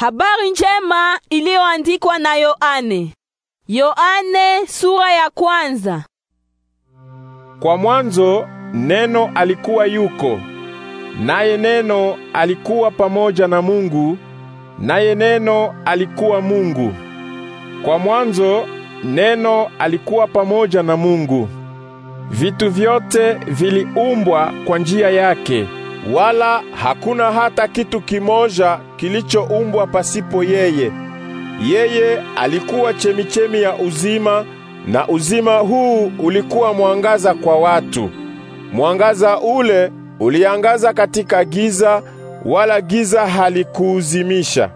Habari njema iliyoandikwa na Yohane. Yohane sura ya kwanza. Kwa mwanzo neno alikuwa yuko, naye neno alikuwa pamoja na Mungu, naye neno alikuwa Mungu. Kwa mwanzo neno alikuwa pamoja na Mungu. Vitu vyote viliumbwa kwa njia yake, wala hakuna hata kitu kimoja kilichoumbwa pasipo yeye. Yeye alikuwa chemichemi ya uzima, na uzima huu ulikuwa mwangaza kwa watu. Mwangaza ule uliangaza katika giza, wala giza halikuuzimisha.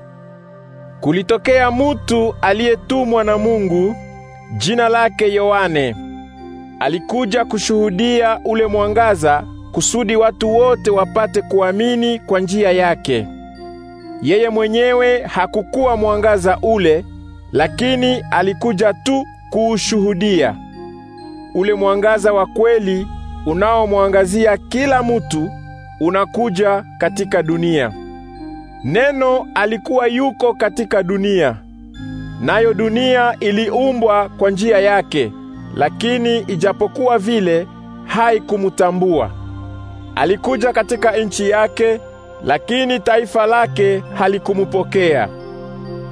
Kulitokea mutu aliyetumwa na Mungu, jina lake Yohane. Alikuja kushuhudia ule mwangaza kusudi watu wote wapate kuamini kwa njia yake. Yeye mwenyewe hakukuwa mwangaza ule, lakini alikuja tu kuushuhudia. Ule mwangaza wa kweli unaomwangazia kila mtu unakuja katika dunia. Neno alikuwa yuko katika dunia, nayo dunia iliumbwa kwa njia yake, lakini ijapokuwa vile haikumtambua. Alikuja katika nchi yake lakini taifa lake halikumupokea.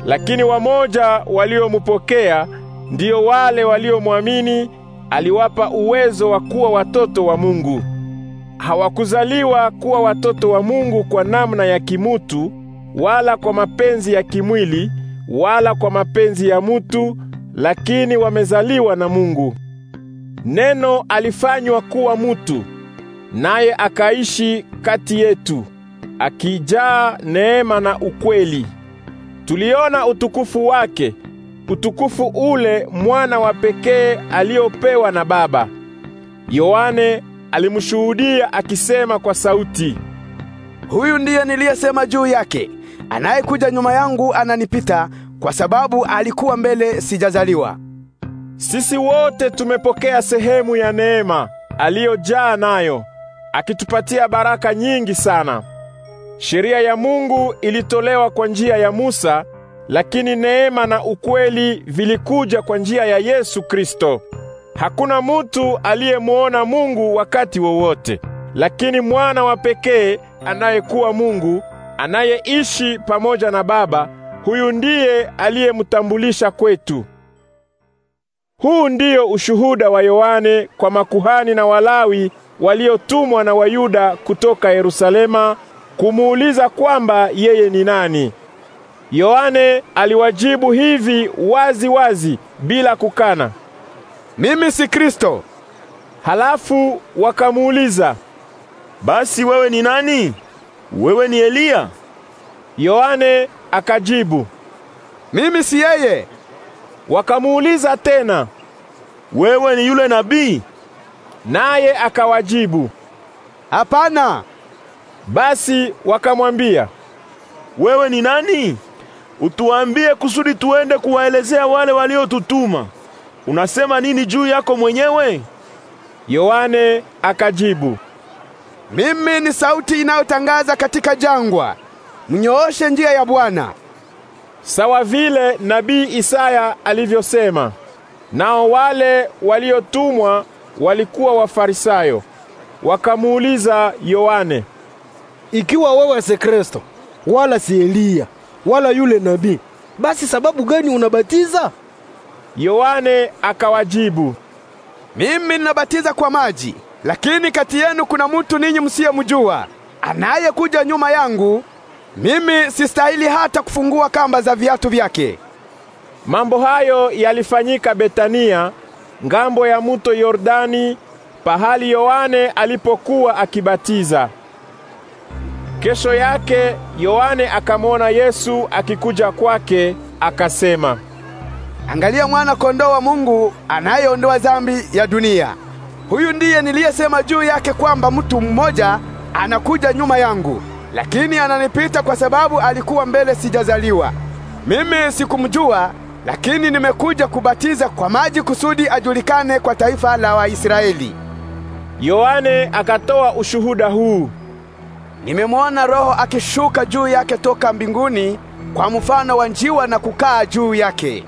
Lakini wamoja waliomupokea, ndio wale waliomwamini, aliwapa uwezo wa kuwa watoto wa Mungu. Hawakuzaliwa kuwa watoto wa Mungu kwa namna ya kimutu, wala kwa mapenzi ya kimwili, wala kwa mapenzi ya mutu, lakini wamezaliwa na Mungu. Neno alifanywa kuwa mutu, naye akaishi kati yetu akijaa neema na ukweli. Tuliona utukufu wake, utukufu ule mwana wa pekee aliopewa na Baba. Yohane alimshuhudia akisema kwa sauti, huyu ndiye niliyesema juu yake, anayekuja nyuma yangu ananipita kwa sababu alikuwa mbele sijazaliwa. Sisi wote tumepokea sehemu ya neema aliyojaa nayo, akitupatia baraka nyingi sana. Sheria ya Mungu ilitolewa kwa njia ya Musa, lakini neema na ukweli vilikuja kwa njia ya Yesu Kristo. Hakuna mutu aliyemwona Mungu wakati wowote, lakini mwana wa pekee anayekuwa Mungu, anayeishi pamoja na Baba, huyu ndiye aliyemtambulisha kwetu. Huu ndiyo ushuhuda wa Yohane kwa makuhani na Walawi waliotumwa na Wayuda kutoka Yerusalema kumuuliza kwamba yeye ni nani. Yohane aliwajibu hivi wazi wazi bila kukana, mimi si Kristo. Halafu wakamuuliza, basi wewe ni nani? Wewe ni Eliya? Yohane akajibu, mimi si yeye. Wakamuuliza tena, wewe ni yule nabii? Naye akawajibu, hapana. Basi wakamwambia, wewe ni nani? Utuambie kusudi tuende kuwaelezea wale waliotutuma. Unasema nini juu yako mwenyewe? Yohane akajibu, mimi ni sauti inayotangaza katika jangwa, mnyooshe njia ya Bwana. Sawa vile nabii Isaya alivyosema. Nao wale waliotumwa walikuwa Wafarisayo. Wakamuuliza Yohane, ikiwa wewe si Kristo wala si Eliya wala yule nabii, basi sababu gani unabatiza? Yohane akawajibu, mimi ninabatiza kwa maji, lakini kati yenu kuna mutu ninyi msiyemjua anayekuja nyuma yangu, mimi sistahili hata kufungua kamba za viatu vyake. Mambo hayo yalifanyika Betania, ngambo ya muto Yordani, pahali Yohane alipokuwa akibatiza. Kesho yake Yohane akamwona Yesu akikuja kwake, akasema, Angalia mwana kondoo wa Mungu anayeondoa dhambi ya dunia. Huyu ndiye niliyesema juu yake kwamba mtu mmoja anakuja nyuma yangu, lakini ananipita kwa sababu alikuwa mbele sijazaliwa. Mimi sikumjua, lakini nimekuja kubatiza kwa maji kusudi ajulikane kwa taifa la Waisraeli. Yohane akatoa ushuhuda huu Nimemwona Roho akishuka juu yake toka mbinguni kwa mfano wa njiwa na kukaa juu yake.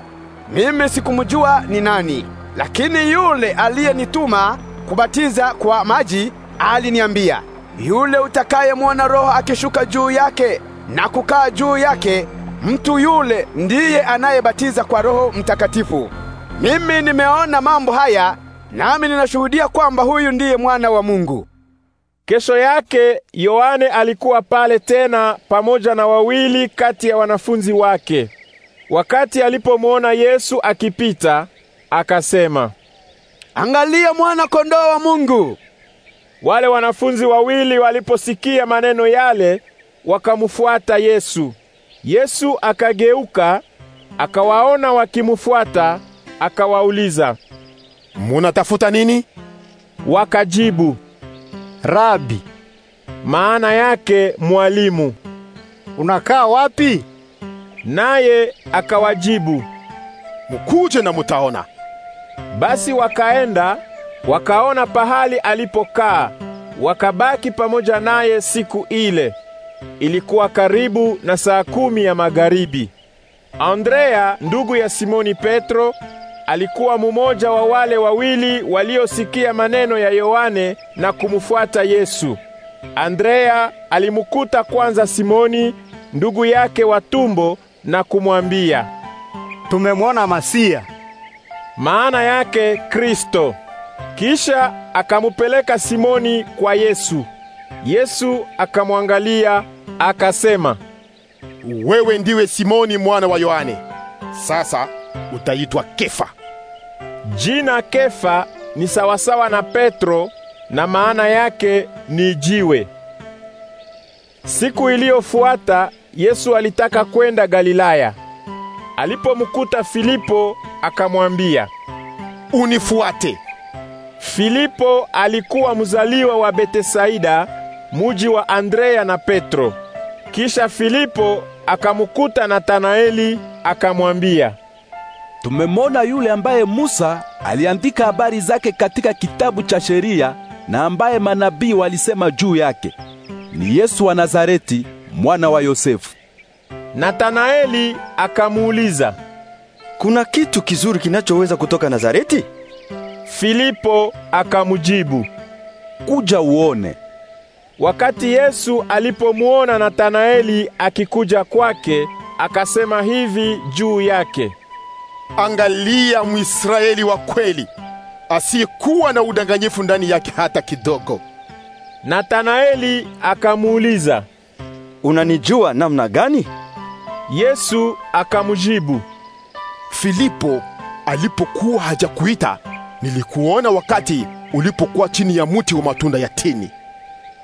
Mimi sikumjua ni nani, lakini yule aliyenituma kubatiza kwa maji aliniambia, yule utakayemwona Roho akishuka juu yake na kukaa juu yake, mtu yule ndiye anayebatiza kwa Roho Mtakatifu. Mimi nimeona mambo haya, nami ninashuhudia kwamba huyu ndiye mwana wa Mungu. Kesho yake Yohane alikuwa pale tena pamoja na wawili kati ya wanafunzi wake. Wakati alipomwona Yesu akipita, akasema, Angalia mwana kondoo wa Mungu. Wale wanafunzi wawili waliposikia maneno yale, wakamfuata Yesu. Yesu akageuka, akawaona wakimfuata, akawauliza, Munatafuta nini? Wakajibu, Rabi, maana yake mwalimu, unakaa wapi? Naye akawajibu, mukuje na mutaona. Basi wakaenda wakaona pahali alipokaa, wakabaki pamoja naye siku ile. Ilikuwa karibu na saa kumi ya magharibi. Andrea ndugu ya Simoni Petro alikuwa mumoja wa wale wawili waliosikia maneno ya Yohane na kumfuata Yesu. Andrea alimukuta kwanza Simoni ndugu yake wa tumbo na kumwambia, tumemwona Masia, maana yake Kristo. Kisha akamupeleka Simoni kwa Yesu. Yesu akamwangalia akasema, wewe ndiwe Simoni mwana wa Yohane, sasa utaitwa Kefa. Jina Kefa ni sawasawa na Petro na maana yake ni jiwe. Siku iliyofuata Yesu alitaka kwenda Galilaya. Alipomkuta Filipo akamwambia, "Unifuate." Filipo alikuwa mzaliwa wa betesaida muji wa Andrea na Petro. Kisha Filipo akamkuta natanaeli akamwambia, Tumemwona yule ambaye Musa aliandika habari zake katika kitabu cha sheria na ambaye manabii walisema juu yake. Ni Yesu wa Nazareti, mwana wa Yosefu. natanaeli akamuuliza, kuna kitu kizuri kinachoweza kutoka Nazareti? Filipo akamjibu, kuja uone. Wakati Yesu alipomwona natanaeli akikuja kwake, akasema hivi juu yake: Angalia Mwisraeli wa kweli asiyekuwa na udanganyifu ndani yake hata kidogo. natanaeli akamuuliza, unanijua namna gani? Yesu akamjibu, Filipo alipokuwa hajakuita nilikuona wakati ulipokuwa chini ya muti wa matunda ya tini.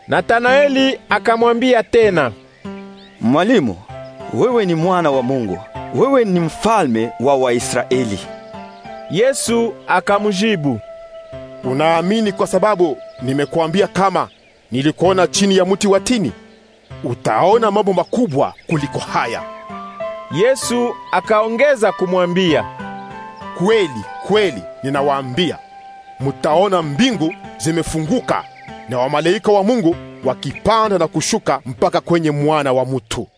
natanaeli akamwambia tena, Mwalimu, wewe ni mwana wa Mungu wewe ni mfalme wa Waisraeli. Yesu akamjibu, unaamini kwa sababu nimekuambia kama nilikuona chini ya mti wa tini? Utaona mambo makubwa kuliko haya. Yesu akaongeza kumwambia, kweli kweli ninawaambia, mtaona mbingu zimefunguka na wamalaika wa Mungu wakipanda na kushuka mpaka kwenye mwana wa mtu.